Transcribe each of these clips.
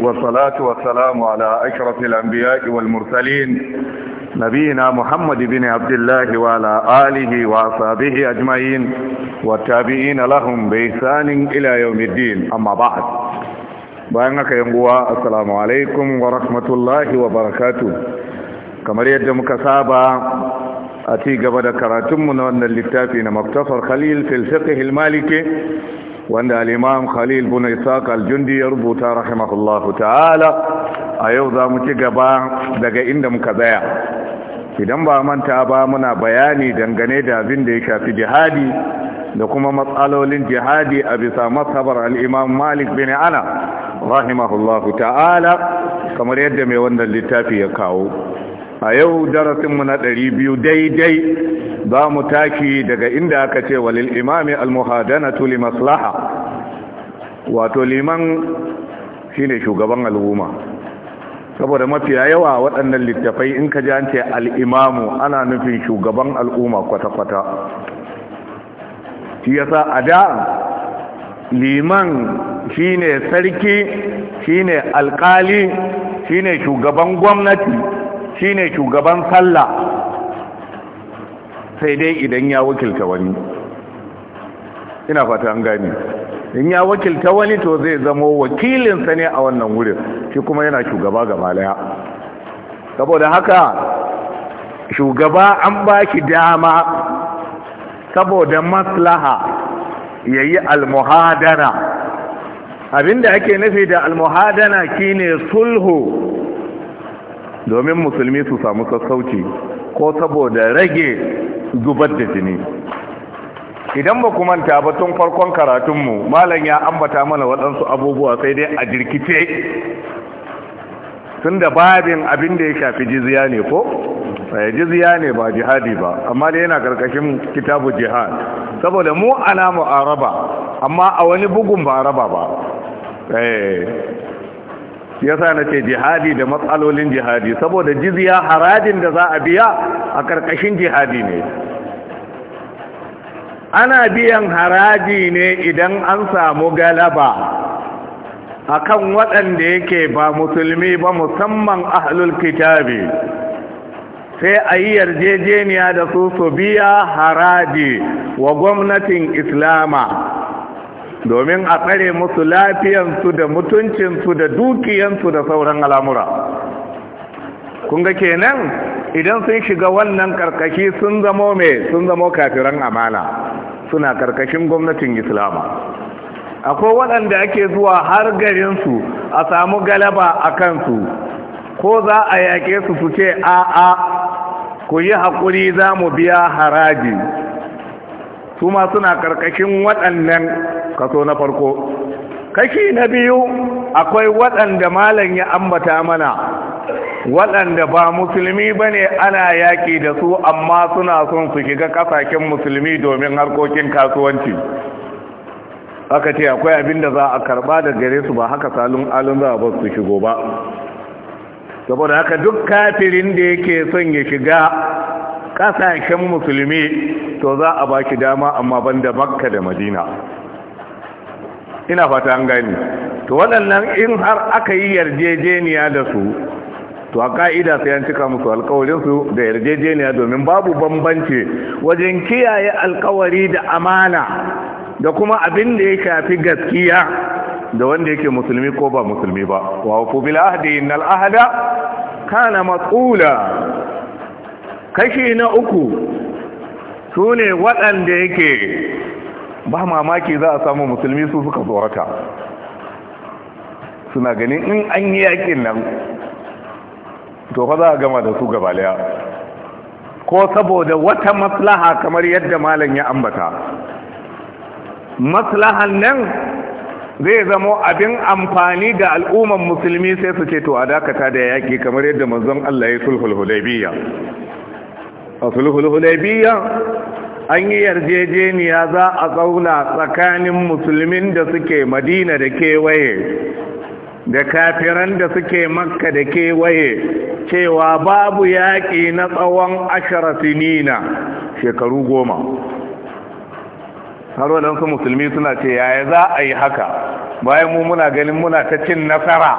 والصلاة والسلام على أشرف الأنبياء والمرسلين نبينا محمد بن عبد الله وعلى آله وأصحابه أجمعين والتابعين لهم بإحسان إلى يوم الدين أما بعد بأنك ينقوى السلام عليكم ورحمة الله وبركاته كما يجمك مكسابة أتي قبل كراتم من أن اللتافين مكتفر خليل في الفقه المالكي wanda alimam khalil bin isaq al-jundi ya rubuta rahimahullahu ta'ala a yau za mu ci gaba daga inda muka zaya. idan ba manta ba muna bayani dangane da abin da ya shafi jihadi da kuma matsalolin jihadi a bisa matsabar alimam malik bin ana rahimahullahu ta'ala kamar yadda mai wannan littafi ya kawo a yau darasinmu na ɗari biyu daidai za mu taki daga inda aka ce walil imami al-muhadanatu li maslaha wato liman shine shugaban al'umma saboda mafi yawa waɗannan littafai in ka ji an ce al'imamu ana nufin shugaban al'umma kwata-kwata shi yasa a da liman shine sarki shine alkali shine shugaban gwamnati shine shugaban sallah sai dai idan ya wakilta wani ina fata an gani in ya wakilta wani to zai zamo wakilinsa ne a wannan wurin shi kuma yana shugaba gaba daya saboda haka shugaba an ba shi dama saboda maslaha ya yi almuhadana abinda ake nufi da almuhadana shine sulhu domin musulmi su samu sassauci ko saboda rage zubar da jini idan ba ku manta ba tun farkon karatunmu malam ya ambata mana waɗansu abubuwa sai dai a jirkice tun da babin abin da ya shafi jiziya ne ko eh, jiziya ne ba jihadi ba amma da yana karkashin kitabu jihad saboda mu alamu araba amma a wani bugun ba araba ba eh, Ya sa na ce jihadi da matsalolin jihadi saboda jizya harajin da za a biya a ƙarƙashin jihadi ne ana biyan haraji ne idan an samu galaba akan waɗanda yake ba musulmi ba musamman ahlul kitabi sai a yi yarjejeniya da su su biya haraji wa gwamnatin islama domin a tsare musu lafiyansu da mutuncinsu da dukiyansu da sauran al'amura kunga kenan idan sun shiga wannan karkashi sun zamo mai sun zamo kafiran amana suna karkashin gwamnatin islama akwai waɗanda ake zuwa har garinsu a samu galaba a kansu ko za a yaƙe su su ce a'a ku yi haƙuri za mu biya haraji su ma suna karkashin waɗannan kaso na farko kashi na biyu akwai waɗanda malam ya ambata mana waɗanda ba musulmi ba ne ana yaƙi da su amma suna son su shiga ƙasashen musulmi domin harkokin kasuwanci aka ce akwai abin za a karɓa da gare su ba haka salon alun za a ba su shigo ba saboda haka duk kafirin da yake son ya shiga kasashen musulmi to za a baki dama amma banda makka da madina ina fata an gani to waɗannan in har aka yi yarjejeniya da su to a ka'ida sai an cika musu alkawarinsu da yarjejeniya domin babu bambanci wajen kiyaye alkawari da amana da kuma abin da ya shafi gaskiya da wanda yake musulmi ko ba musulmi ba wa ku bil ahdi innal ahda kana mas'ula kashi na uku su ne waɗanda yake ba mamaki za a samu musulmi su suka tsorata suna ganin in an yi yakin nan to fa za a gama da su gabaliya ko saboda wata maslaha kamar yadda malam ya ambata maslahan nan zai zamo abin amfani ga al'umman musulmi sai su ce to a dakata da yaƙi kamar yadda manzon Allah ya sulhul hudaybiya a sulhul an yi yarjejeniya za a zauna tsakanin musulmin da suke madina da kewaye da kafiran da suke makka da kewaye cewa babu yaƙi na tsawon ashara sinina shekaru goma har waɗansu musulmi suna ce yaya za a yi haka bayan mu muna ganin muna ta cin nasara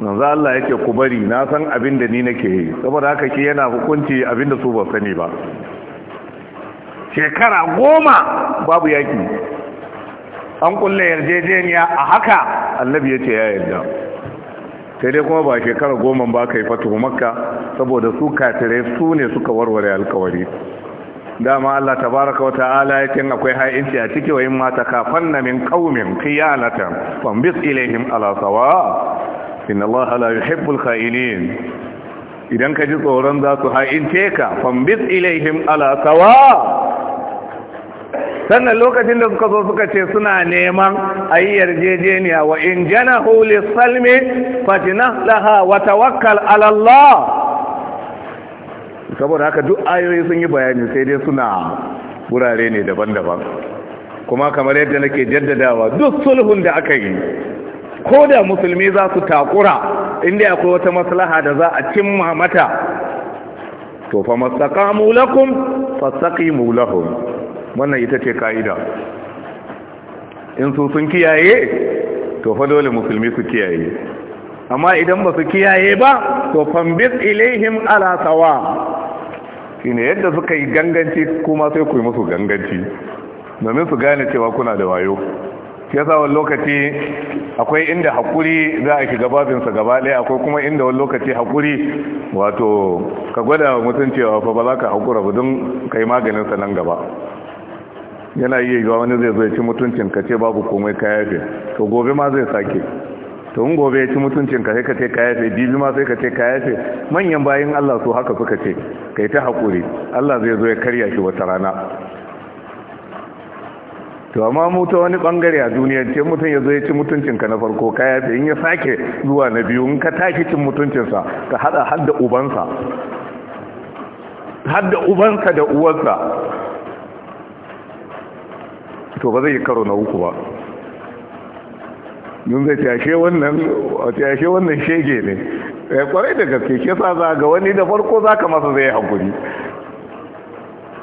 manzo Allah yake ku bari na san abin da ni nake yi saboda haka ke yana hukunci abin da su ba sani ba shekara goma babu yaki an kulle yarjejeniya a haka annabi ya ce ya yarda sai dai kuma ba shekara goma ba ka yi fatuhu makka saboda su kafirai su ne suka warware alkawari dama Allah tabaraka wa ta'ala yake akwai ha'inci a cikin wayin mata kafanna min qaumin khiyanatan fambis ilaihim ala sawa inna Allah la yuhibbul kha'ilin idan ka ji tsoron za su ha'ince ka fambis ilaihim ala sawa sannan lokacin da suka zo suka ce suna neman ayi yarjejeniya wa in janahu lis-salmi fatinah laha wa tawakkal ala Allah saboda haka duk ayoyi sun yi bayani sai dai suna wurare ne daban-daban kuma kamar yadda nake jaddadawa duk sulhun da aka yi ko da musulmi za su takura inda akwai wata maslaha da za a cimma mata to fa mastaqamu lakum fastaqimu lahum wannan ita ce kaida in su sun kiyaye to fa dole musulmi su kiyaye amma idan ba su kiyaye ba to fambis ilaihim ala sawa shine yadda suka yi ganganci kuma sai ku yi musu ganganci domin su gane cewa kuna da wayo shi yasa wani lokaci akwai inda haƙuri za a shiga babinsa gaba ɗaya akwai kuma inda wani lokaci haƙuri wato ka gwada mutum cewa fa ba za ka haƙura ba don ka yi maganinsa nan gaba yana iya yiwa wani zai zo ya ci mutuncin ka ce babu komai ka yafe to gobe ma zai sake to in gobe ya ci mutuncin ka sai ka ce ka yafe jibi ma sai ka ce ka yafe manyan bayin Allah su haka suka ce kai ta haƙuri Allah zai zo ya karya shi wata rana to amma mutu wani bangare a duniya ce mutum ya zo ya ci mutuncin ka na farko ka ya in ya sake zuwa na biyu in ka tashi cin mutuncinsa ka hada har da ubansa har da ubansa da uwarsa to ba zai yi karo na uku ba yun zai tashe wannan wannan shege ne kwarai eh, da gaske ke sa za ga wani da farko za ka masa zai hankuri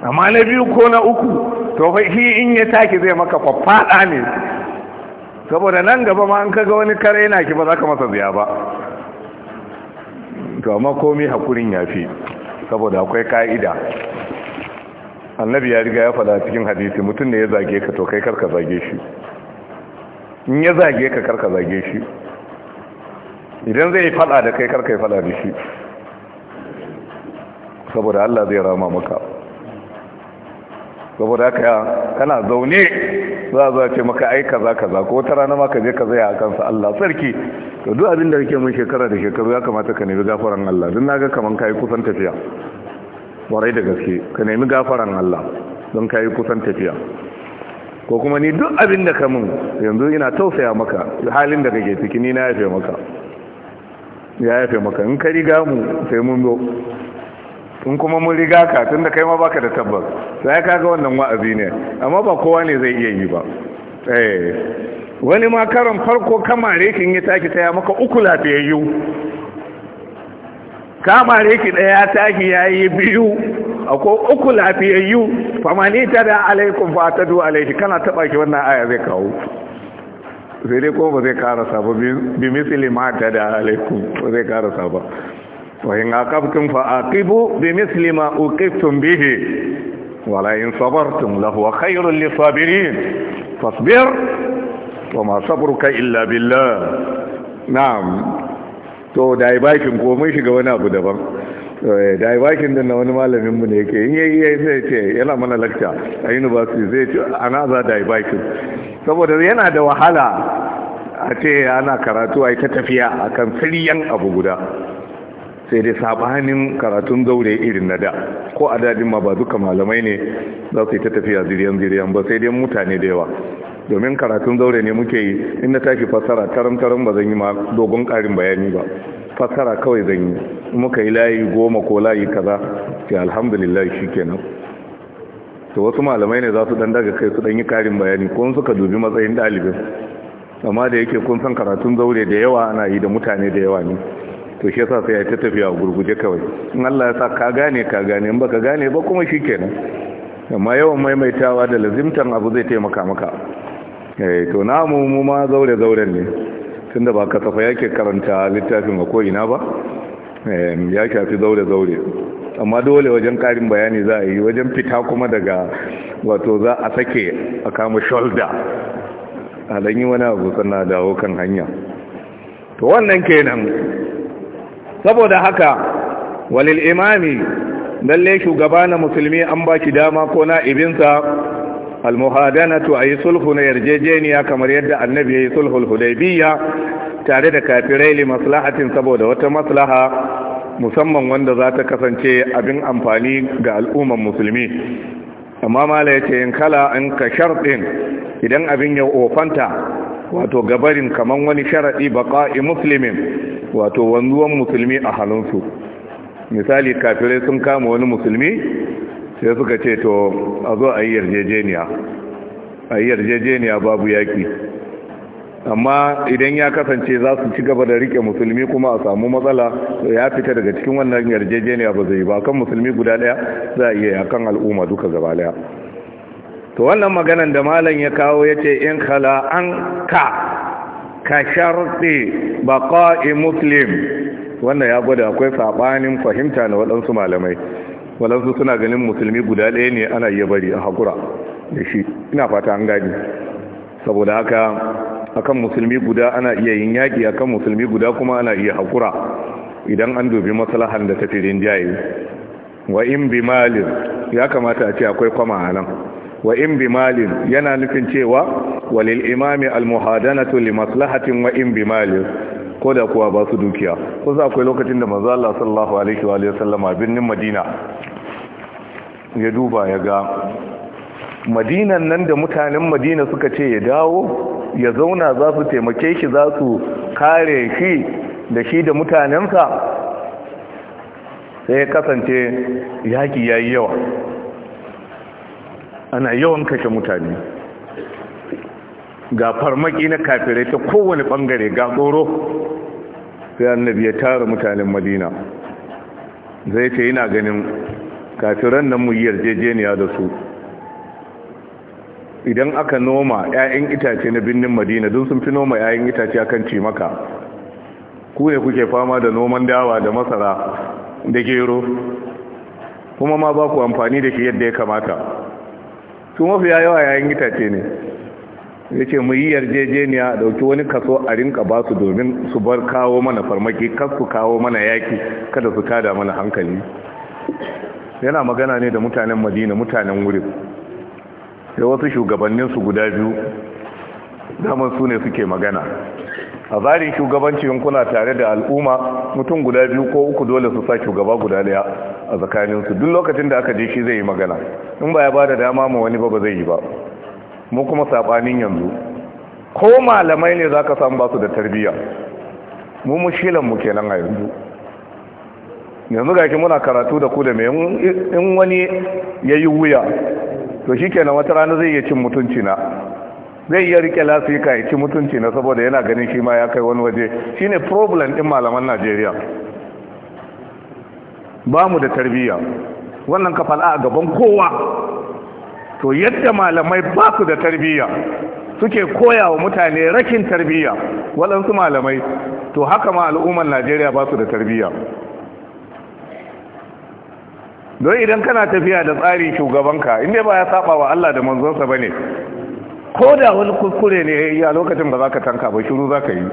amma na biyu ko na uku to fa shi in ya taki zai maka faffaɗa ne saboda nan gaba ma an kaga wani kare yana ki ba za ka masa biya ba to amma komai hakurin ya fi saboda akwai ka'ida annabi ya riga ya fada cikin hadisi mutum da ya zage ka to kai karka zage shi in ya zage ka karka zage shi idan zai fada da kai karka fada da shi saboda Allah zai rama maka saboda haka kana zaune za a ce maka ai kaza kaza ko ta rana maka ka je ka zaya a kansa Allah sarki to duk abin da kake mun shekara da shekaru ya kamata ka nemi gafaran Allah don naga kaman kai kusan tafiya warai da gaske ka nemi gafaran Allah don kai kusan tafiya ko kuma ni duk abin da ka mun yanzu ina tausaya maka halin da kake ciki ni na yafe maka ya yafe maka in ka riga mu sai mun zo in kuma mun riga ka tunda kai ma baka da tabbas sai kaga wannan wa'azi ne amma ba kowa ne zai iya yi ba eh wani ma karan farko kamare kin yi taki taya maka uku lafiyayyu kamare ki daya taki yayi biyu akwai uku lafiyayyu famanita da alaikum fa fatadu alaihi kana taba ki wannan aya zai kawo sai dai ko ba zai karasa ba bi misali mata da alaikum ba zai karasa ba wa in aqabtum fa aqibu bi misli ma bihi wa la in sabartum lahu khayrun lis sabirin fasbir illa bakin ko mun shiga wani abu daban dai bakin din na wani malamin mu ne yake in yayi sai ce yana mana lakta a university zai ce ana za dai bakin saboda yana da wahala a ce ana karatu a ta tafiya akan siryan abu guda sai dai sabanin karatun zaure irin na da ko a dadin ma ba duka malamai ne za su yi ta tafiya ziriyan ziriyan ba sai dai mutane da yawa domin karatun zaure ne muke yi inda ta fi fassara taram taram ba zan yi ma dogon karin bayani ba fassara kawai zan yi muka yi layi goma ko layi kaza ke alhamdulillah shi kenan to wasu malamai ne za su dan daga kai su dan yi karin bayani ko suka dubi matsayin dalibin amma da yake kun san karatun zaure da yawa ana yi da mutane da yawa ne to shi yasa sai ya ta tafiya a gurguje kawai in Allah ya sa ka gane ka gane in baka gane ba kuma shikenan amma yawan maimaitawa da lazimtan abu zai taimaka maka eh to namu mu ma zaure zauren ne tunda ba kasafa yake karanta littafin a ko ina ba eh, ya shafi zaure-zaure amma dole wajen karin bayani za a yi wajen fita kuma daga wato za a sake a kama shoulder a yi wani abu sana dawo kan hanya to wannan kenan saboda haka walil imami lalle shugaba na musulmi an ba shi dama ko na'ibinsa almuhadanatu a yi sulhu na yarjejeniya kamar yadda annabi ya yi sulhul hudaybiya tare da kafirai li maslahatin saboda wata maslaha musamman wanda za ta kasance abin amfani ga al'umman musulmi amma mala ya ce in kala an ka sharɗin idan abin ya ofanta wato gabarin kamar wani sharaɗi baqa'i muslimin wato wanzuwan musulmi a halinsu misali kafirai sun kama wani musulmi sai suka ce to a zo a yi yarjejeniya a yi yarjejeniya babu yaki amma idan ya kasance za su ci gaba da rike musulmi kuma a samu matsala ya fita daga cikin wannan yarjejeniya ba zai ba kan musulmi guda daya za a iya yakan al'umma duka gaba daya to wannan maganan da malam ya kawo ya ce in khala an ka ka sharti baqa'i muslim wannan ya gwada akwai saɓanin fahimta na waɗansu malamai waɗansu suna ganin musulmi guda ɗaya ne ana iya bari a hakura da shi ina fata an gani saboda haka akan musulmi guda ana iya yin yaƙi akan musulmi guda kuma ana iya hakura idan an dubi maslahan da tafi rinjaye wa in bi malin ya kamata a ce akwai kwama a nan wa in bi malin yana nufin cewa walil imami almuhadanatu li maslahatin wa in bi malin ko kuwa ba su dukiya ko akwai lokacin da manzo Allah sallallahu alaihi wa sallama binnin Madina ya duba ya ga madinan nan da mutanen madina suka ce ya dawo ya zauna za su taimake shi za su kare shi da shi da mutanensa sai ya kasance yaƙi yayi yawa ana yawan kashe mutane ga farmaki na kafirai ta kowane bangare ga tsoro sai annabi ya tara mutanen madina zai ce yana ganin kafiran nan mu yi yarjejeniya da su idan aka noma 'ya'yan itace na birnin madina don sun fi noma 'ya'yan itace akan cimaka ku ne kuke fama da noman dawa da masara da gero kuma ma ba ku amfani da shi yadda ya kamata su mafiya yawa yayin itace ne ya ce mu yi yarjejeniya a ɗauki wani kaso a rinka ba su domin su bar kawo mana farmaki kar su kawo mana yaki kada su tada mana hankali yana magana ne da mutanen madina mutanen wurin sai wasu shugabanninsu guda biyu daman su ne suke magana a zarin shugabanci kuna tare da al'umma mutum guda biyu ko uku dole su sa shugaba guda daya a tsakaninsu duk lokacin da aka je shi zai yi magana in ba ya ba da dama ma wani ba ba zai yi ba mu kuma sabanin yanzu ko malamai ne zaka samu ba su da tarbiyya mu mushilan mu kenan a yanzu yanzu ga muna karatu da ku da me in wani ya yi wuya to shi kenan wata rana zai iya cin mutunci na zai iya rike lasika ya ci mutunci na saboda yana ganin shi ma ya kai wani waje shine problem din malaman Najeriya ba mu da tarbiyya wannan kafa a gaban kowa to yadda malamai ba su da tarbiyya suke koya wa mutane rakin tarbiyya waɗansu malamai to haka ma al'ummar najeriya ba su da tarbiyya don idan kana tafiya da tsari shugabanka inda ba ya saba wa allah da manzonsa ba ne ko da wani kuskure ne ya yi a lokacin ba za ka tanka ba shiru za ka yi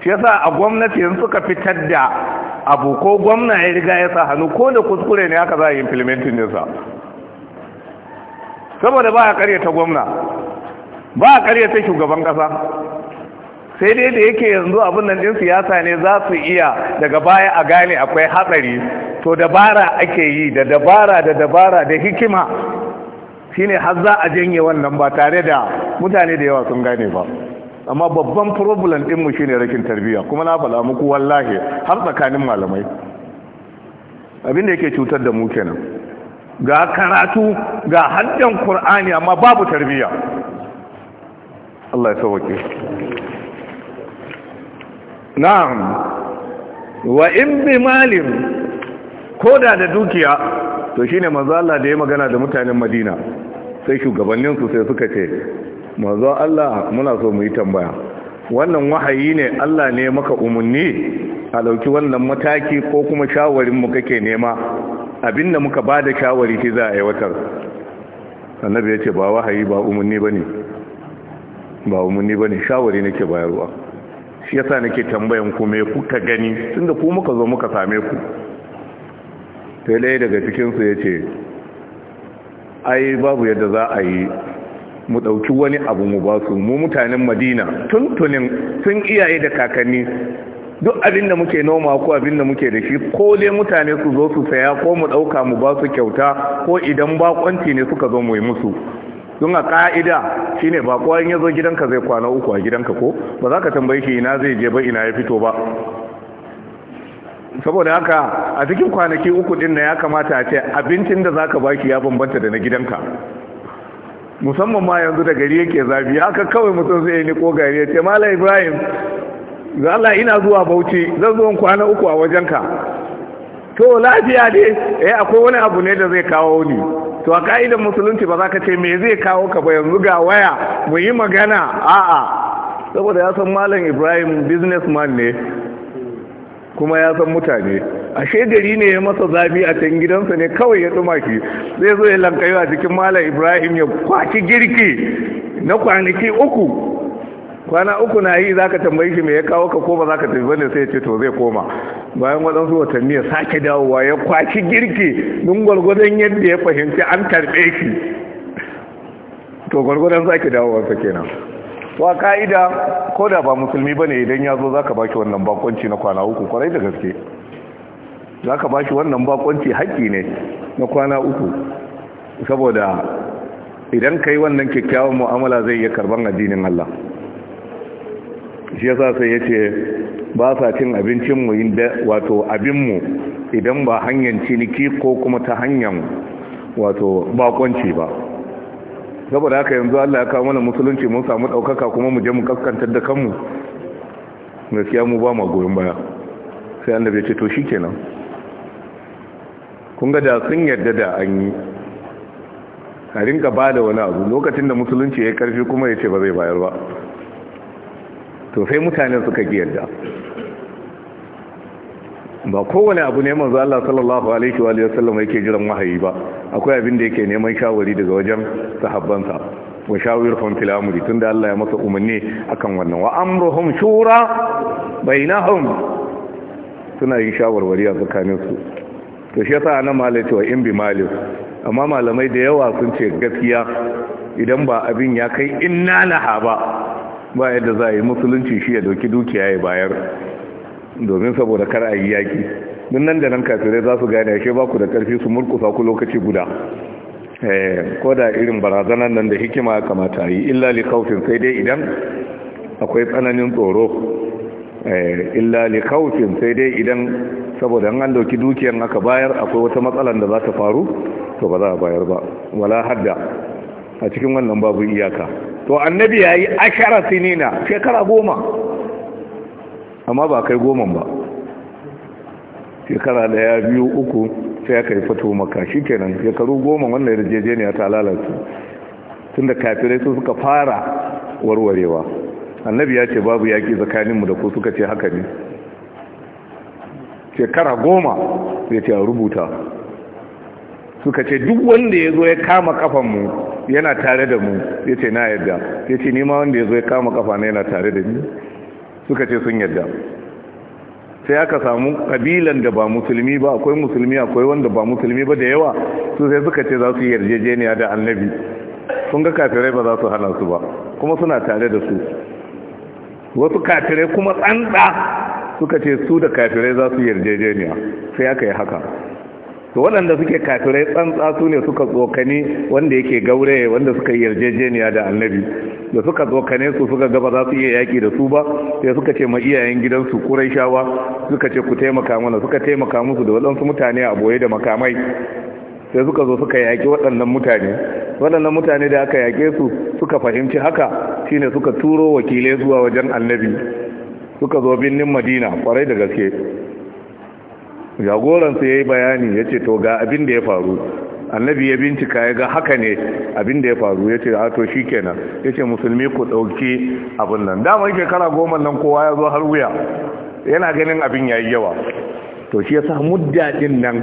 shi sa a gwamnati yanzu suka fitar da abu ko gwamna ya riga ya sa hannu ko da kuskure ne aka za a yi implementin nisa saboda ba a karyata gwamna ba a karyata shugaban kasa sai dai da yake yanzu abin nan din siyasa ne za su iya daga baya a gane akwai hatsari to dabara ake yi da dabara da dabara da hikima shine har za a janye wannan ba tare da mutane da yawa sun gane ba amma babban problem din mu shine rakin tarbiyya kuma na faɗa muku wallahi har tsakanin malamai abin da yake cutar da mu kenan ga karatu ga haddan qur'ani amma babu tarbiyya Allah ya sauke na'am wa in bi malim koda da dukiya to shine manzo Allah da ya magana da mutanen Madina sai shugabannin su sai suka ce mazo Allah muna so mu yi tambaya wannan wahayi ne Allah ne maka umarni a dauki wannan mataki ko kuma shawarin mu kake nema abinda muka bada shawari shi za a aiwatar annabi yace ba wahayi ba umarni bane ba umunni bane shawari nake bayarwa shi yasa nake tambayan ku me kuka gani tunda ku muka zo muka same ku sai dai daga cikin su yace ai babu yadda za a yi mu ɗauki wani abu mu ba su mu mutanen madina tuntunin sun iyaye da kakanni duk abin da muke noma ko abin da muke da shi ko dai mutane su zo su saya ko mu ɗauka mu ba su kyauta ko idan bakonci ne suka zo mu yi musu don a ka'ida ne ba in ya zo gidanka zai kwana uku a gidanka ko ba za ka tambaye shi ina zai je ba ina ya fito ba saboda haka a cikin kwanaki uku din na ya kamata a ce abincin da za ka ba shi ya bambanta da na gidanka musamman ma yanzu da gari yake zafi haka kawai mutum zai yi niko gari ya ce mala ibrahim za Allah ina zuwa bauchi zan zo kwana uku a wajenka to lafiya ne eh akwai wani abu ne da zai kawo ni to a ka'idan musulunci ba za ka ce me zai kawo ka ba yanzu ga waya mu yi magana a'a saboda ya san malam ibrahim businessman ne kuma ya san mutane ashe gari ne ya masa zafi a can gidansa ne kawai ya tsuma shi zai zo ya lankayo a cikin malam ibrahim ya kwaci girki na kwanaki uku kwana uku na yi za ka tambayi shi mai ya kawo ka koma za ka tafi bane sai ya ce to zai koma bayan waɗansu watanni ya sake dawowa ya kwaci girki don gwargwadon yadda ya fahimci an karɓe shi to gwargwadon sake sa kenan wa ka'ida ko da ba musulmi bane idan ya zo za ka baki wannan bakonci na kwana uku kwarai da gaske zaka ka baki wannan bakonci haƙƙi ne na kwana uku saboda idan ka wannan kyakkyawan mu'amala zai iya karban addinin Allah shi yasa sai yace ce ba sa cin abincinmu wato mu idan ba hanyar ciniki ko kuma ta hanyar wato bakonci ba saboda haka yanzu Allah ya kawo mana musulunci mun samu daukaka kuma mu je mu kaskantar da kanmu gaskiya mu ba mu goyon baya sai Allah ya ce to shikenan kun ga da sun yarda da an yi a rinka ba da wani abu lokacin da musulunci ya karfi kuma ya ce ba zai bayar ba to sai mutane suka ki yarda ba kowane abu ne manzo Allah sallallahu alaihi wa sallam yake jiran wahayi ba akwai abin da yake neman shawari daga wajen sahabbansa wa shawirhum fil amri tunda Allah ya masa umarni akan wannan wa amruhum shura bainahum suna yin shawarwari a tsakanin su to shi yasa ana malai wa in bi malik amma malamai da yawa sun ce gaskiya idan ba abin ya kai inna laha ba ba yadda za a yi musulunci shi ya dauki dukiya ya bayar domin saboda kar a yi yaƙi, dun nan da nan kafirai za su gane shi ba ku da karfi su murkusa ku lokaci guda eh, ko da irin barazanar nan da hikima ya kamata yi illa li kaufin sai dai idan akwai tsananin tsoro eh, illa li kaufin sai dai idan saboda an dauki dukiyar aka bayar akwai wata matsalar da za ta faru to ba za a bayar ba wala hadda a cikin wannan babu iyaka to annabi ya yi ashara sinina shekara goma amma ba kai goma ba shekara daya biyu uku sai aka yi fito maka shi kenan shekaru goma wannan yarjejeniya ta lalace tun da kafirai su suka fara warwarewa annabi ya ce babu yaƙi tsakaninmu da ku suka ce haka ne shekara goma zai ce rubuta suka ce duk wanda ya zo ya kama kafanmu yana tare da mu ya ce na yadda ya ce nima wanda ya zo ya kama kafa na yana tare da ni suka ce sun yadda sai aka samu kabilan da ba musulmi ba akwai musulmi akwai wanda ba musulmi ba da yawa su sai suka ce za su yi yarjejeniya da annabi sun ga kafirai ba za su hana su ba kuma suna tare da su wasu kafirai kuma tsantsa suka ce su da kafirai za su yarjejeniya sai aka yi haka to waɗanda suke kafirai tsantsa su ne suka tsokani wanda yake gaure wanda suka yi yarjejeniya da annabi da suka tsokane su suka gaba za su iya yaƙi da su ba sai suka ce ma iyayen gidansu shawa suka ce ku taimaka mana suka taimaka musu da waɗansu mutane a boye da makamai sai suka zo suka yaƙi waɗannan mutane waɗannan mutane da aka yaƙe su suka fahimci haka shine suka turo wakilai zuwa wajen annabi suka zo birnin madina kwarai da gaske jagoransa ya yi bayani ya ce to ga abin da ya faru annabi ya bincika ya ga haka ne abin da ya faru ya ce ato shi kenan ya ce musulmi ku ɗauki abin nan yake shekara goma nan kowa ya zo har wuya yana ganin abin ya yi yawa to shi ya sa muddaɗin nan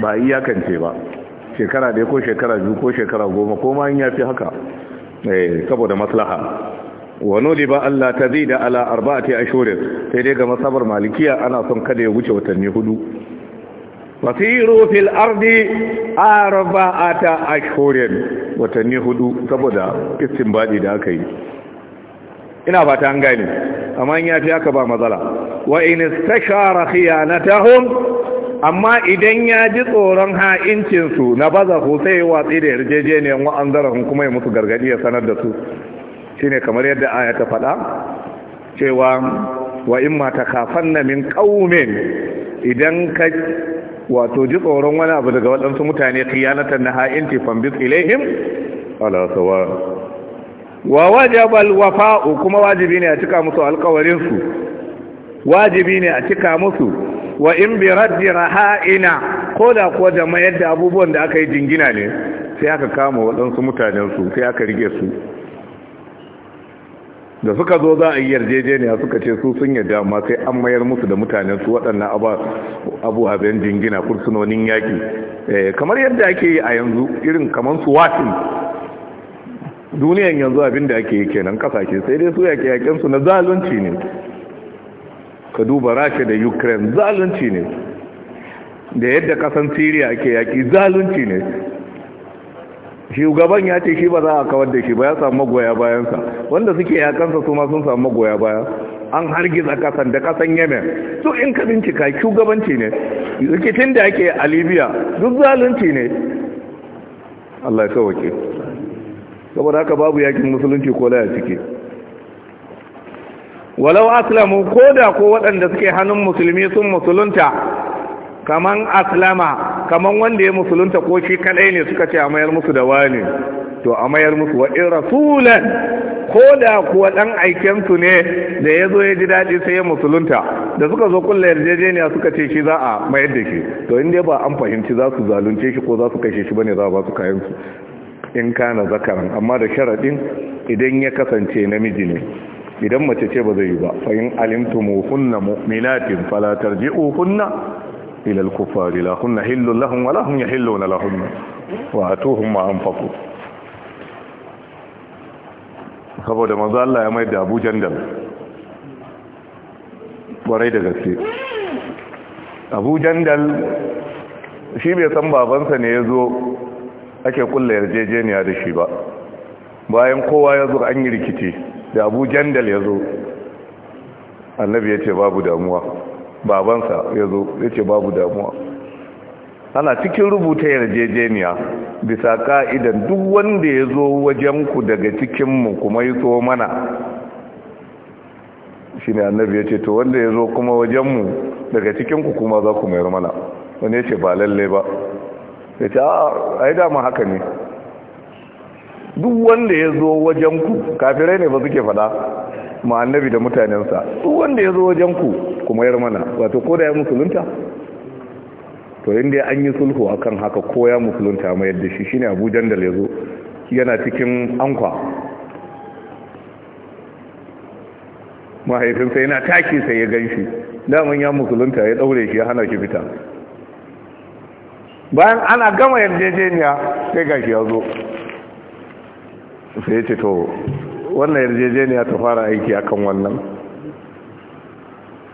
ba iyakance ba shekara ɗaya ko shekara biyu ko shekara goma ko ma ya fi haka eh, saboda maslaha Wa ba Allah ta zai da ala arba'ati shorin? sai dai ga masabar malikiya ana son kada ya wuce watanni hudu fasiru fil ardi arba'ata ashurin watanni hudu saboda istinbadi da aka yi ina ba an gane amma in fi aka ba matsala wa in istashara khiyanatahum amma idan ya ji tsoron ha'incinsu na baza ko sai ya watsi da yarjejeniyar wa'an kuma ya musu gargadi ya sanar da su shine kamar yadda aya ta faɗa cewa wa in ma takafanna min qaumin idan ka wato ji tsoron wani abu daga waɗansu mutane khiyanatan na fam bi ilaihim ala sawa wa wajabal wafa'u kuma wajibi ne a cika musu alƙawarin su wajibi ne a cika musu wa in bi raddi raha'ina ko da ko da mayar da abubuwan da aka yi jingina ne sai aka kama waɗansu mutanen su sai aka rige su da suka zo za a yi yarjejeniya suka ce su sun yarda amma sai an mayar musu da mutanen su waɗannan abu bayan jingina kursunonin yaƙi eh, kamar yadda ake yi a yanzu irin kamar su watin duniyan yanzu abinda ake yi kenan kasashe sai dai su yaƙi yaƙensu na zalunci ne ka duba rasha da ukraine zalunci ne da yadda kasan siriya ake yaƙi zalunci ne shugaban ya ce shi ba za a kawar da shi ba ya samu magoya bayansa wanda suke kansa su ma sun samu magoya baya an hargiza kasan da kasan yamen su in ka bincika shugabanci ne rikicin da ake a libya duk zalunci ne allah ya wake saboda haka babu yakin musulunci ko laya ciki walau aslamu ko da ko waɗanda suke hannun musulmi sun musulunta kaman aslama kaman wanda ya musulunta ko shi kadai ne suka ce a mayar musu da wani to a mayar musu wa in rasulan ko da kuwa dan aiken su ne da ya zo ya ji dadi sai ya musulunta da suka zo kulla yarjejeniya suka ce shi za a mayar da shi to in dai ba an fahimci za su zalunce shi ko za su kashe shi bane za a ba su kayan su in kana zakaran amma da sharaɗin idan ya kasance namiji ne idan mace ce ba zai yi ba fa in hunna mu'minatin fala hunna إلى الكفار لا هن حل لهم ولا هم يحلون لهن وآتوهم ما أنفقوا saboda manzo Allah ya mai da Abu Jandal kwarai da gaske Abu Jandal shi bai san babansa ne ya zo ake kulle yarjejeniya da shi ba bayan kowa yazo zo an yi rikici da Abu Jandal ya zo annabi ya ce babu damuwa babansa ya zo ya ce babu damuwa ana cikin rubuta yarjejeniya bisa ka'idan duk wanda ya zo wajenku daga cikinmu kuma yi so mana shi ne annabi ya ce to wanda ya zo kuma wajenmu daga cikinku kuma za ku mayar mana wani ya ce ba lalle ba ya ce a yi dama haka ne duk wanda ya zo wajenku kafirai ne ba suke fada ma annabi da mutanensa duk wanda ya zo wajenku kuma yar mana wato ko da ya musulunta to inda an yi sulhu akan haka ko ya musulunta mai yadda shi shine Abu Jandal yazo yana cikin ankwa mahaifinsa yana taki sai ya ganshi daman ya musulunta ya daure shi ya hana shi fita bayan ana gama yarjejeniya sai gashi ya zo sai ya ce to wannan yarjejeniya ta fara aiki akan wannan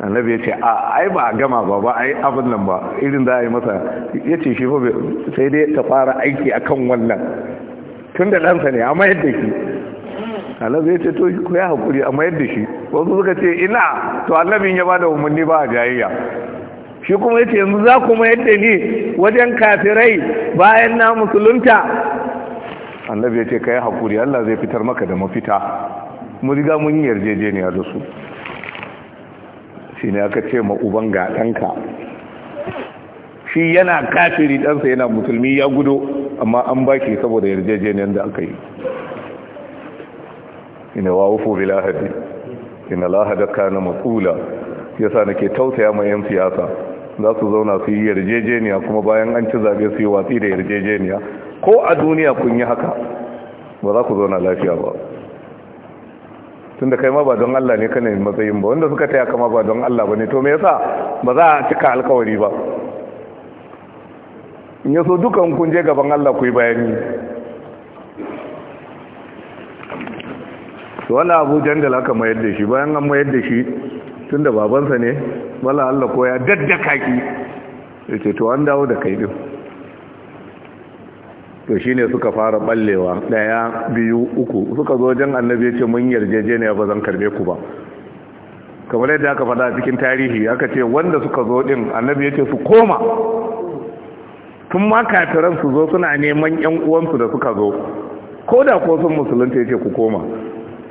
annabi ya ce a ai ba a gama ba ba ai abin nan ba irin za a yi masa ya ce shi sai dai ta fara aiki akan wannan tun da ɗansa ne amma yadda shi annabi ya ce to shi ku ya haƙuri amma yadda shi wasu suka ce ina to annabi ya ba da umarni ba a jayayya shi kuma ya ce yanzu za ku mayar da ni wajen kafirai bayan na musulunta annabi ya ce ka yi haƙuri allah zai fitar maka da mafita mu riga mun yi yarjejeniya da su shi ne aka ce ma uban ga ɗanka shi yana kafiri ɗansa yana musulmi ya gudo amma an baki saboda yarjejeniyar da aka yi ina wa wufo bi lahadi ina lahada na matsula yasa nake tausaya ma yan siyasa za su zauna su yi yarjejeniya kuma bayan an ci zaɓe su yi watsi da yarjejeniya ko a duniya kun yi haka ba za ku zauna lafiya ba tunda kai ma ba don Allah ne kana matsayin ba wanda suka taya kama ba don Allah ba ne to me yasa ba za a cika alkawari ba in yaso dukan kun je gaban Allah ku yi bayani to Abu Jandal aka mayar da shi bayan an mayar da shi tunda babansa ne wala Allah ko ya daddaka ki yace to an dawo da kai din to shi ne suka fara ballewa ɗaya biyu uku suka zo wajen annabi ce mun yarjejeniya ba zan karbe ku ba kamar yadda aka faɗa cikin tarihi aka ce wanda suka zo din annabi ce su koma tun ma kafiran su zo suna neman yan uwansu da suka zo ko da ko sun musulunta ce ku koma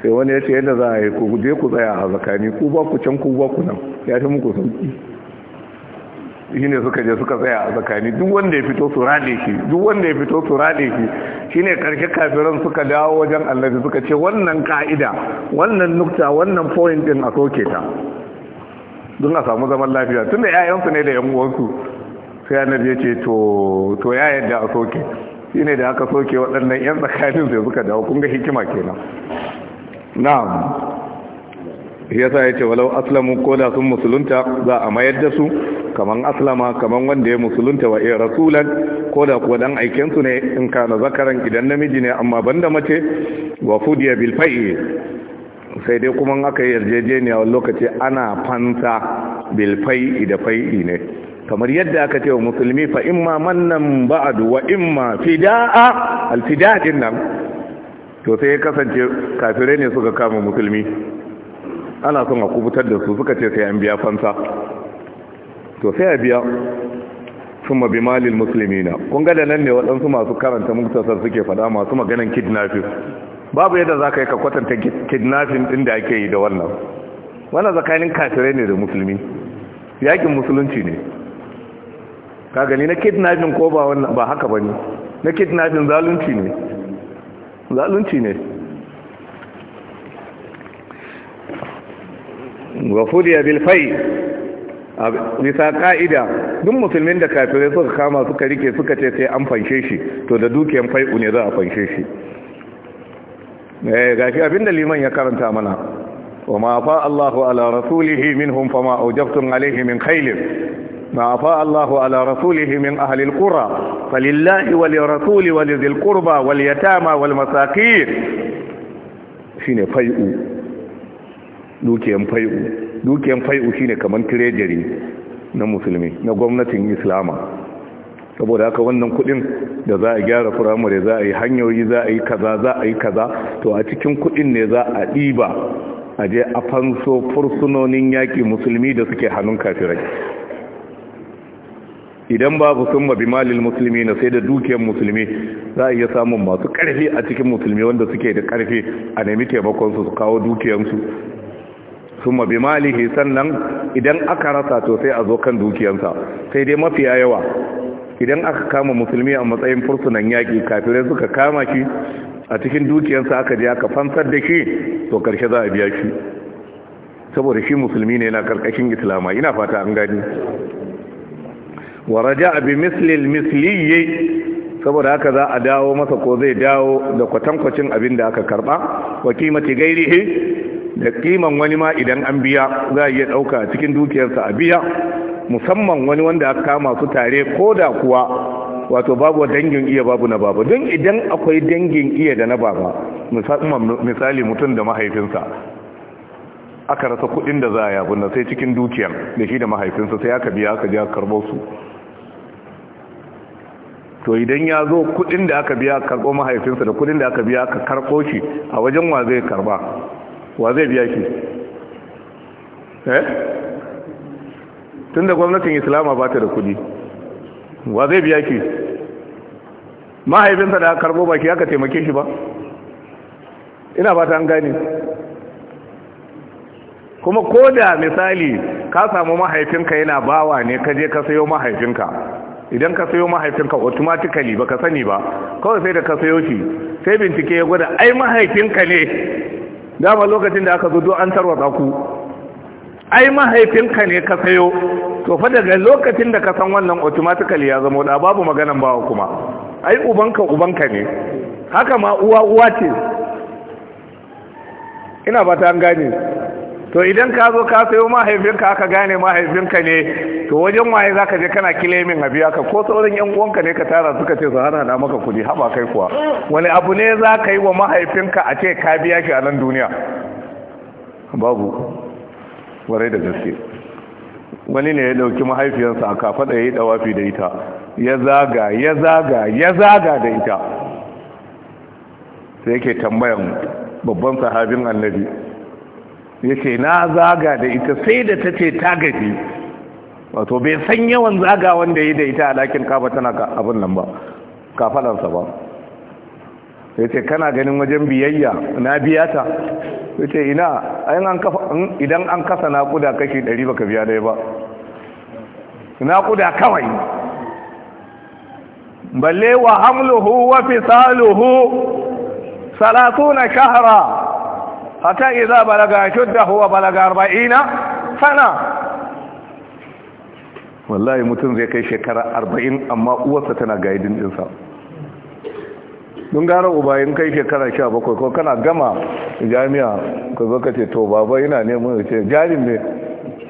sai wani ya ce yadda za a yi ku je ku tsaya a zakani ku ba ku can ku ba ku nan ya fi muku sauki ne suka je suka tsaya a tsakani duk wanda ya fito su rade shi duk wanda ya fito su rade shi shine karshe kafiran suka dawo wajen Allah suka ce wannan ka'ida wannan nukta wannan point din a soke ta don a samu zaman lafiya tunda yayansu ne da yan uwansu sai annabi ya ce to ya yadda a soke ne da aka soke waɗannan yan tsakanin sai suka dawo kun ga hikima kenan na'am yasa yace walau aslamu ko da sun musulunta za a mayar da su kaman aslama kaman wanda ya musulunta wa iya rasulan ko da kuwa dan aiken ne in kana zakaran idan namiji ne amma banda mace wa fudiya bil fai sai dai kuma aka yi yarjejeniya wani lokaci ana fanta bil fai da fai ne kamar yadda aka ce wa musulmi fa imma mannan ba'du wa imma fida'a al fida'in nan to sai kasance kafirai ne suka kama musulmi ana son a kubutar da su suka ce sai an biya fansa to sai a biya summa bi malil muslimina kun ga da nan ne waɗansu masu karanta muktasar suke faɗa masu maganan kidnapping babu yadda za ka yi ka kwatanta kidnapping ɗin da ake yi da wannan wannan tsakanin kafirai ne da musulmi yakin musulunci ne ka gani na kidnapping ko ba wannan ba haka bane na kidnapping zalunci ne zalunci ne wa fudiya bil fai bisa ka'ida duk musulmin da kafirai suka kama suka rike suka ce sai an fanshe shi to da dukiyan fai'u ne za a fanshe shi eh gashi abinda liman ya karanta mana wa ma fa Allahu ala rasulihi minhum fama awjabtum alayhi min khayl ما أفاء الله على رسوله من أهل wal فلله ولرسول wal yatama wal والمساكين shine فيئو دوكي فيئو dukiyan fai'u shine kamar treasury na musulmi na gwamnatin islama saboda haka wannan kudin da za a gyara firamare za a yi hanyoyi za a yi kaza za a yi kaza to a cikin kudin ne za a ɗiba a je a fanso fursunonin yaƙi musulmi da suke hannun kafirai idan babu sun mabi malin musulmi na sai da dukiyan musulmi za a iya samun masu ƙarfi a cikin musulmi wanda suke da ƙarfi a nemi taimakonsu su kawo dukiyarsu summa bi malihi sannan idan aka rasa to sai a zo kan dukiyansa sai dai mafiya yawa idan aka kama musulmi a matsayin fursunan yaƙi kafirai suka kama shi a cikin dukiyansa aka je aka fansar da shi to karshe za a biya shi saboda shi musulmi ne na karkashin islama ina fata an gani waraja bi mislil misliyi saboda haka za a dawo masa ko zai dawo da kwatankwacin abin da aka karba wa kimati gairihi da kiman wani ma idan an biya za a iya ɗauka cikin dukiyarsa a biya musamman wani wanda aka kama su tare ko da kuwa wato babu dangin iya babu na baba don idan akwai dangin iya da na baba misali mutum da mahaifinsa aka rasa kudin da za a yabu na sai cikin dukiyar da shi da mahaifinsa sai aka biya aka ja karbo su to idan ya zo kudin da aka biya karbo mahaifinsa da kudin da aka biya aka karbo shi a wajen wa zai karba wa zai biya shi eh tunda gwamnatin islama ba ta da kudi wa zai biya shi mahaifinsa da aka karbo baki aka taimake shi ba ina ba ta an gane kuma ko da misali ka samu mahaifinka yana bawa ne ka je ka sayo mahaifinka idan ka sayo mahaifinka automatically baka sani ba kawai sai da ka sayo shi sai bincike ya gwada ai mahaifinka ne dama lokacin da aka zo do an tarwatsa ku ai mahaifinka ne ka sayo to fa daga lokacin da ka san wannan automatically ya zama da babu maganan bawa kuma ai ubanka ubanka ne haka ma uwa uwa ce ina ba ta an gane to idan ka zo ka sayo mahaifinka aka gane mahaifinka ne to wajen waye za ka je kana kilemin a biya ka ko sauran yan uwanka ne ka tara suka ce su hana da maka kudi haba kai kuwa wani abu ne za ka yi wa mahaifinka a ce ka biya shi a nan duniya babu warai da gaske wani ne ya dauki mahaifiyarsa a da ya yi dawafi da ita ya zaga ya zaga ya zaga da ita sai yake tambayan babban sahabin annabi yake na zaga da ita sai da ta ce ta gaji wato bai san yawan zaga wanda yi da ita alakin kaba tana abin nan ba kafalansa ba ya ce kana ganin wajen biyayya na biya ta ya ce ina idan an kasa kuda kashi 100 baka biya daya ba nakuda kawai balle wa hamluhu wa fisaluhu na shahara حتى إذا بلغ shuddahu وبلغ balaga سنة sana wallahi mutum zai kai shekara أما amma uwarsa tana dungara gara uba in kai shekara 17 ko kana gama jami'a Ko zo kace ce to baba ina neman ce jarin ne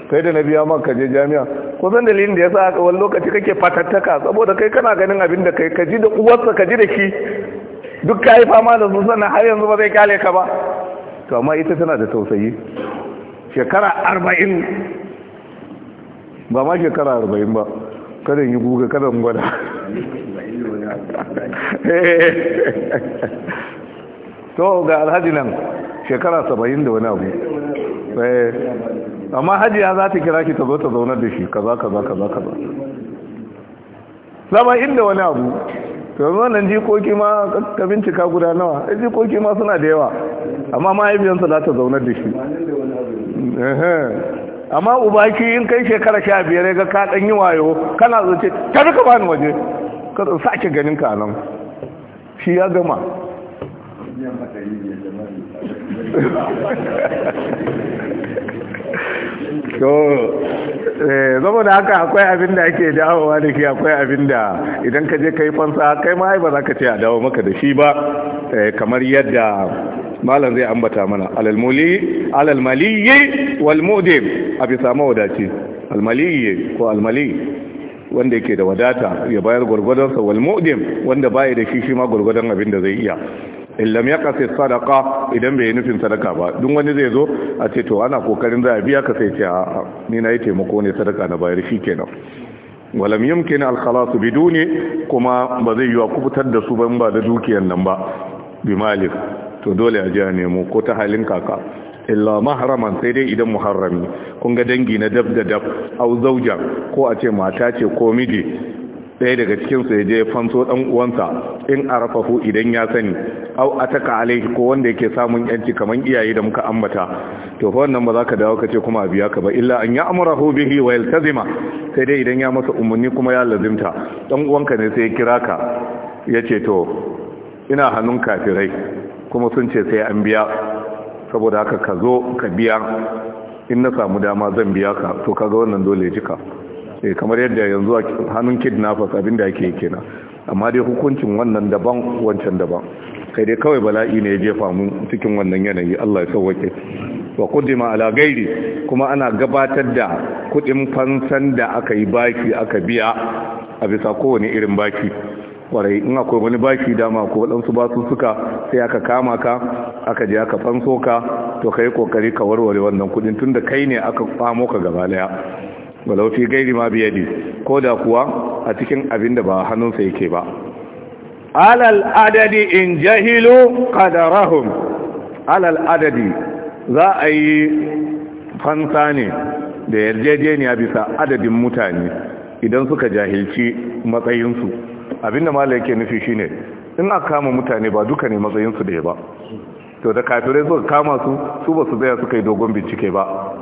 kai da na biya maka je jami'a ko zan dalilin da ya sa wani lokaci kake fatattaka saboda kai kana ganin abin da kai ka ji da uwarsa ka ji da shi duk ka yi fama da su sannan har yanzu ba zai kyale ka ba to amma ita tana da tausayi shekara arba'in ba ma shekara arba'in ba kada yi guga kada gwada to ga alhaji nan shekara saba'in da wani abu eh, amma hajiya za ta kira ki ta zo ta zaunar da shi kaza kaza kaza kaza saba'in da wani abu to yanzu jikoki ma ka bincika guda nawa ya jikoki ma suna da yawa amma mahaifiyansa za ta zaunar da shi amma ubaki in kai shekara sha biyar ga kaɗan yi wayo kana zoce ta duka bani waje ka sake ganin ka nan shi ya gama zama eh, da haka akwai abin da ake dawowa da shi akwai abin da idan ka je ka yi fansa kai ma ba za ka ce a dawo maka da shi ba eh, kamar yadda malam zai ambata mana alalmaliyi walmode a bisa mawadaci Almaliyi ko almali wanda yake da wadata ya bayar gwargwadonsa walmode wanda baya da shi shi ma gwargwadon abin da zai iya lam ya kasa sadaka idan bai yi nufin sadaka ba duk wani zai zo a ce to ana kokarin za a biya ka sai ce a ni na yi taimako ne sadaka na bayar shi kenan walam yumkin al-khalas biduni kuma ba zai yiwa kubutar da su ban ba da dukiyar nan ba bi malik to dole a jiya nemo ko ta halin kaka illa mahraman sai dai idan muharrami kun ga dangi na dab da dab au zauja ko a ce mata ce ko miji ɗaya daga cikin su ya je fanso dan uwansa in arafahu idan ya sani au ataka alaihi ko wanda yake samun yanci kaman iyaye da muka ambata to fa wannan ba za ka dawo kace kuma a biya ka ba illa an ya'murahu bihi wa yaltazima sai dai idan ya masa umarni kuma ya lazimta dan uwanka ne sai ya kira ka yace to ina hannun kafirai kuma sun ce sai an biya saboda haka ka zo ka biya in na samu dama zan biya ka to ka ga wannan dole ya jika Eh, kamar yadda yanzu hannun kidnappers abinda ake kenan amma dai hukuncin wannan daban wancan daban kai dai kawai bala'i ne ya jefa mu cikin wannan yanayi Allah ya sauwake wa kuddima ala gairi kuma ana gabatar da kudin fansan da aka yi baki aka biya a bisa kowane irin baki kwarai in akwai wani baki dama ko waɗansu basu suka sai aka kama ka aka je aka fanso ka to ka yi ƙoƙari ka warware wannan kudin tunda kai ne aka famo ka gaba daya walau fi gairi ma biyadi ko da kuwa a cikin abin da ba hannunsa yake ba alal adadi in jahilu qadarahum alal adadi za a yi fansa ne da yarjejeniya bisa adadin mutane idan suka jahilci matsayinsu abinda Malam yake nufi shine in aka kama mutane ba duka ne matsayinsu da ya ba to da kafirai suka kama su su ba su zaya suka yi dogon bincike ba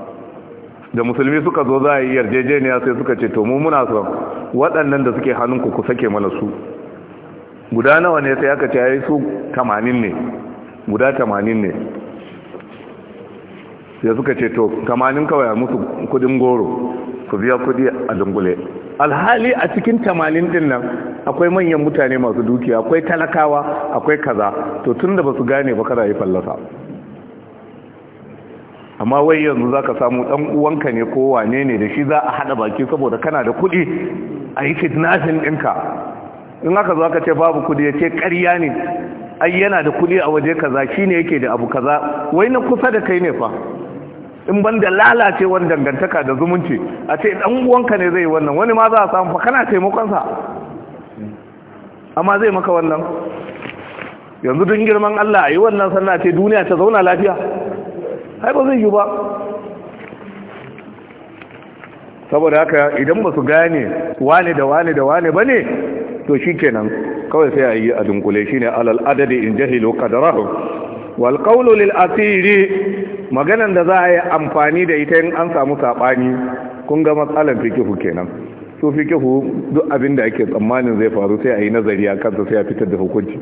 da musulmi suka zo za a yi yarjejeniya sai suka ce to mu muna son waɗannan da suke hannunku ku sake mana su guda nawa ne sai aka ce ai su 80 ne guda 80 ne sai suka ce to 80 kawai musu kudin goro ku biya kudi a dungule alhali a cikin 80 din nan akwai manyan mutane masu dukiya akwai talakawa akwai kaza to tunda su gane ba kada yi fallasa amma wai yanzu za ka samu ɗan uwanka ne ko wane ne da shi za a haɗa baki saboda kana da kuɗi a yi kidnafin ɗinka in haka za ka ce babu kuɗi ya ce ƙarya ne ai yana da kuɗi a waje kaza shi ne yake da abu kaza wai na kusa da kai ne fa in ban da lalacewar dangantaka da zumunci a ce ɗan uwanka ne zai wannan wani ma za a samu fa kana taimakonsa amma zai maka wannan yanzu dun girman Allah a yi wannan sallah ce duniya ta zauna lafiya hai ba zai yi ba saboda haka idan ba su gane wane da wane da wane ba ne to shi kenan kawai sai a yi a dunkule shi ne alal adadi in jahilo kadarahu wal qawlu lil asiri maganan da za a yi amfani da ita in an samu sabani kun ga matsalan fikihu kenan su fikihu duk abin da ake tsammanin zai faru sai a yi nazari a kansa sai a fitar da hukunci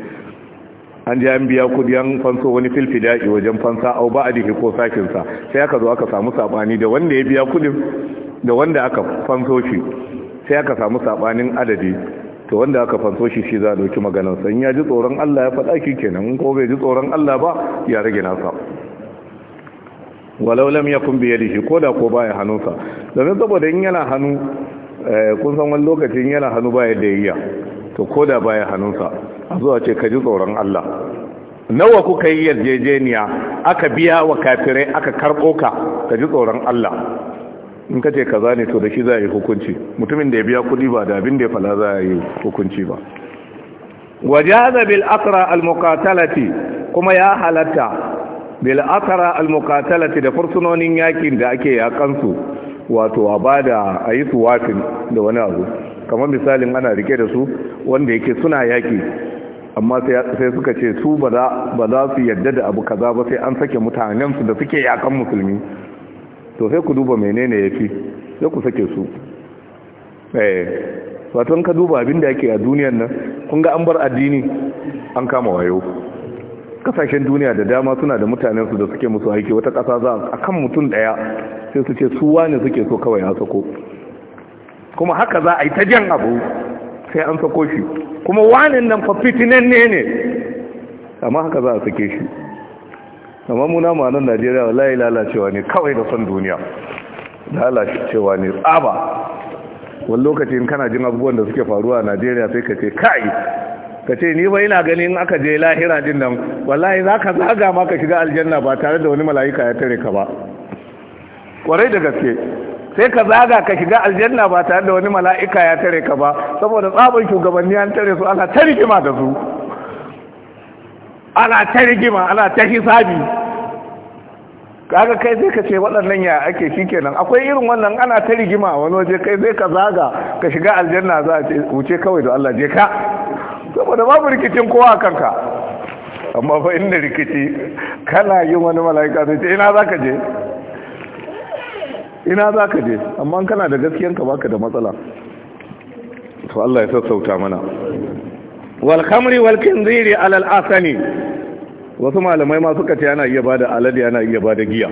an ji an biya kudi an fanso wani a wajen fansa au ba a dike ko sakinsa sai aka zo aka samu sabani da wanda ya biya kudin da wanda aka fanso shi sai aka samu sabanin adadi to wanda aka fanso shi shi za a dauki maganar in ya ji tsoron Allah ya faɗa shi kenan ko bai ji tsoron Allah ba ya rage nasa walau lam yakun bi yadihi ko da ko baya hannunsa domin saboda in yana hannu eh, kun san wani lokacin yana hannu baya da yayya to ko da baya hannunsa zuwa ce ka ji tsoron Allah nawa kuka yi yarjejeniya aka biya wa kafirai aka karɓo ka ka ji tsoron Allah in ka ce ka zane to da shi za a yi hukunci mutumin da ya biya kuɗi ba da abin da ya fala za a yi hukunci ba wajaza bil asra al muqatalati kuma ya halatta bil asra al muqatalati da fursunonin yakin da ake yakansu wato a bada ayi suwafin da wani abu kamar misalin ana rike da su wanda yake suna yaki amma sai suka ce su ba za su yadda da abu kaza ba sai an sake mutanensu da suke yakan musulmi to sai ku duba menene ya fi sai ku sake su eh, wato ka duba abin da yake a duniyar nan kun ga an bar addini an kama wayo kasashen duniya da dama suna da mutanensu da suke musu aiki wata kasa za a kan mutum ɗaya sai su ce su wane suke so kawai a sako kuma haka za a yi ta jan abu sai an sako shi kuma wanin nan fa fitinan ne ne amma haka za a sake shi amma muna ma Najeriya wallahi lalacewa ne kawai da son duniya lalacewa ne tsaba wani lokacin kana jin abubuwan da suke faruwa a Najeriya sai ka ce kai ka ce ni ba ina in aka je lahira din nan wallahi za ka zaga ma ka shiga aljanna ba tare da wani mala'ika ya tare ka ba kwarai da gaske sai ka zaga ka shiga aljanna ba tare da wani mala'ika ya tare ka ba saboda tsabon shugabanni an tare su ana ta rigima da su ana ta rigima ana ta hisabi kaga kai sai ka ce waɗannan ya ake shikenan akwai irin wannan ana ta rigima wani waje kai sai ka zaga ka shiga aljanna za a wuce kawai da Allah je ka saboda babu rikicin kowa kanka amma fa inda rikici kana yin wani mala'ika sai ce ina zaka je ina za ka je amma kana da gaskiyanka ka da matsala to Allah ya sassauta mana wal khamri wal alal asani wasu malamai ma suka ce ana iya bada alade ana iya bada giya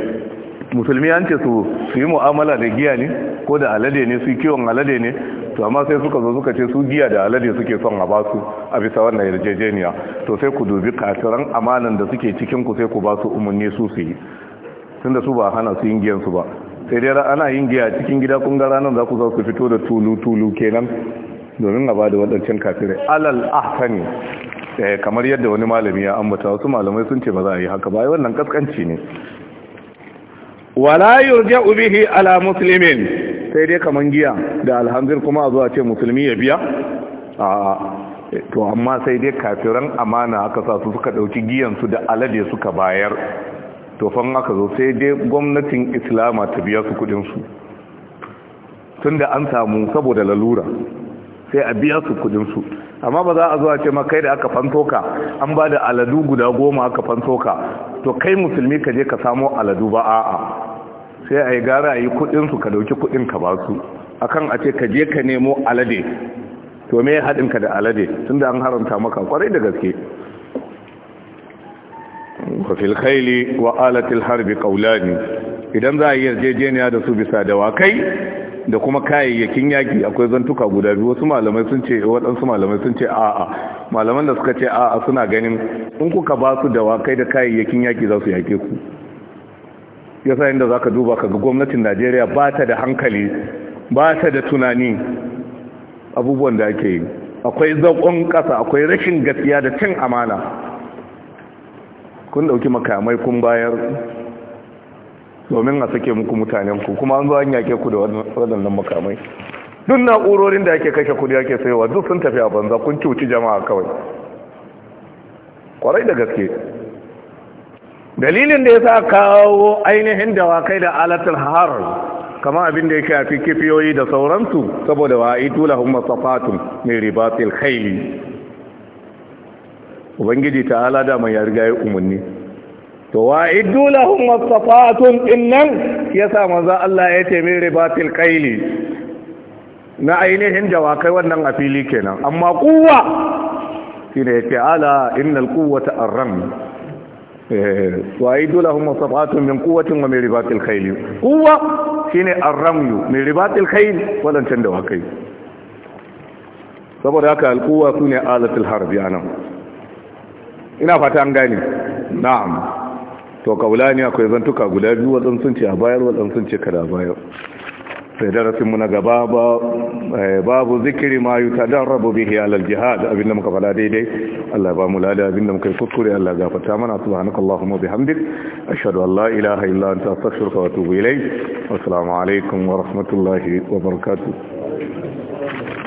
musulmi an ce su yi mu'amala da giya ne ko da alade ne su kiwon alade ne to amma sai suka zo suka ce su giya da alade suke son a basu a bisa wannan yarjejeniya to sai ku dubi katiran amanan da suke cikin ku sai ku basu su umarni su su yi tunda su ba hana su yin giyan su ba sai dai ana yin giya cikin gida kun ga ranar za ku za ku fito da tulu-tulu kenan domin a ba da waɗancan kafirai alal ahsani eh, kamar yadda wani malami ya ambata wasu malamai sun ce ba za a yi haka ba wannan kaskanci ne wala yurja ubihi ala muslimin sai dai kaman giya da alhamdulillah kuma a zuwa ce musulmi ya biya a to amma sai dai kafiran amana aka sa su suka dauki giyan su da alade suka bayar to aka zo sai dai gwamnatin islama ta biya su kuɗinsu. Tun da an samu saboda lalura sai a biya su kudinsu amma ba za a zuwa a ce kai da aka fanto ka an ba da aladu guda goma aka fanto ka to kai musulmi ka je ka samo aladu ba a'a sai a yi gara a yi kudinsu ka dauki kudin ka ba su akan a ce ka je ka nemo alade to me haɗin da alade tunda an haramta maka kwarai da gaske wa fil wa alatil harbi kaulani idan za a yi yarjejeniya da su bisa dawakai da kuma kayayyakin yaki akwai zantuka guda biyu wasu malamai sun ce waɗansu malamai sun ce a'a malaman da suka ce a'a suna ganin in kuka ba su dawakai da kayayyakin yaki za su yake ku Ya yasa inda za ka duba ka ga gwamnatin Najeriya ba ta da hankali ba ta da tunani abubuwan da ake yi akwai zaƙon ƙasa akwai rashin gaskiya da cin amana kun dauki makamai kun bayar domin a sake muku mutanenku kuma an zo an yake ku da waɗannan makamai duk na'urorin da ake kashe kudi yake sayowa duk sun tafi a banza kun cuci jama'a kawai kwarai da gaske dalilin da ya sa kawo ainihin dawakai da alatul harar kama abin da ya shafi kifiyoyi da sauransu saboda wa aitu lahum masafatun min ribatil khayli ubangiji ta ala dama ya riga ya umarni to wa idulahum wasafatun innan yasa manzo Allah ya ce mai ribatil qaili na ainihin dawakai wannan a fili kenan amma kuwa shine ce ala innal quwwata arram eh, wa idulahum wasafatun min quwwatin wa min ribatil qaili Kuwa shine arramyu min ribatil qaili wadancan dawakai saboda haka alquwa sune alatul harbi anan ina fata an gani na'am to kaulani akwai zantuka guda biyu wadan ce a bayar wadan ce kada bayar sai darasin mu na gaba eh, babu zikiri ma yutadarrabu bihi alal jihad abinda muka fada daidai Allah ba mu lada abinda muka yi kuskure Allah gafarta mana subhanakallahumma bihamdik ashhadu an la ilaha illa anta astaghfiruka wa atubu ilayk assalamu alaikum wa rahmatullahi wa barakatuh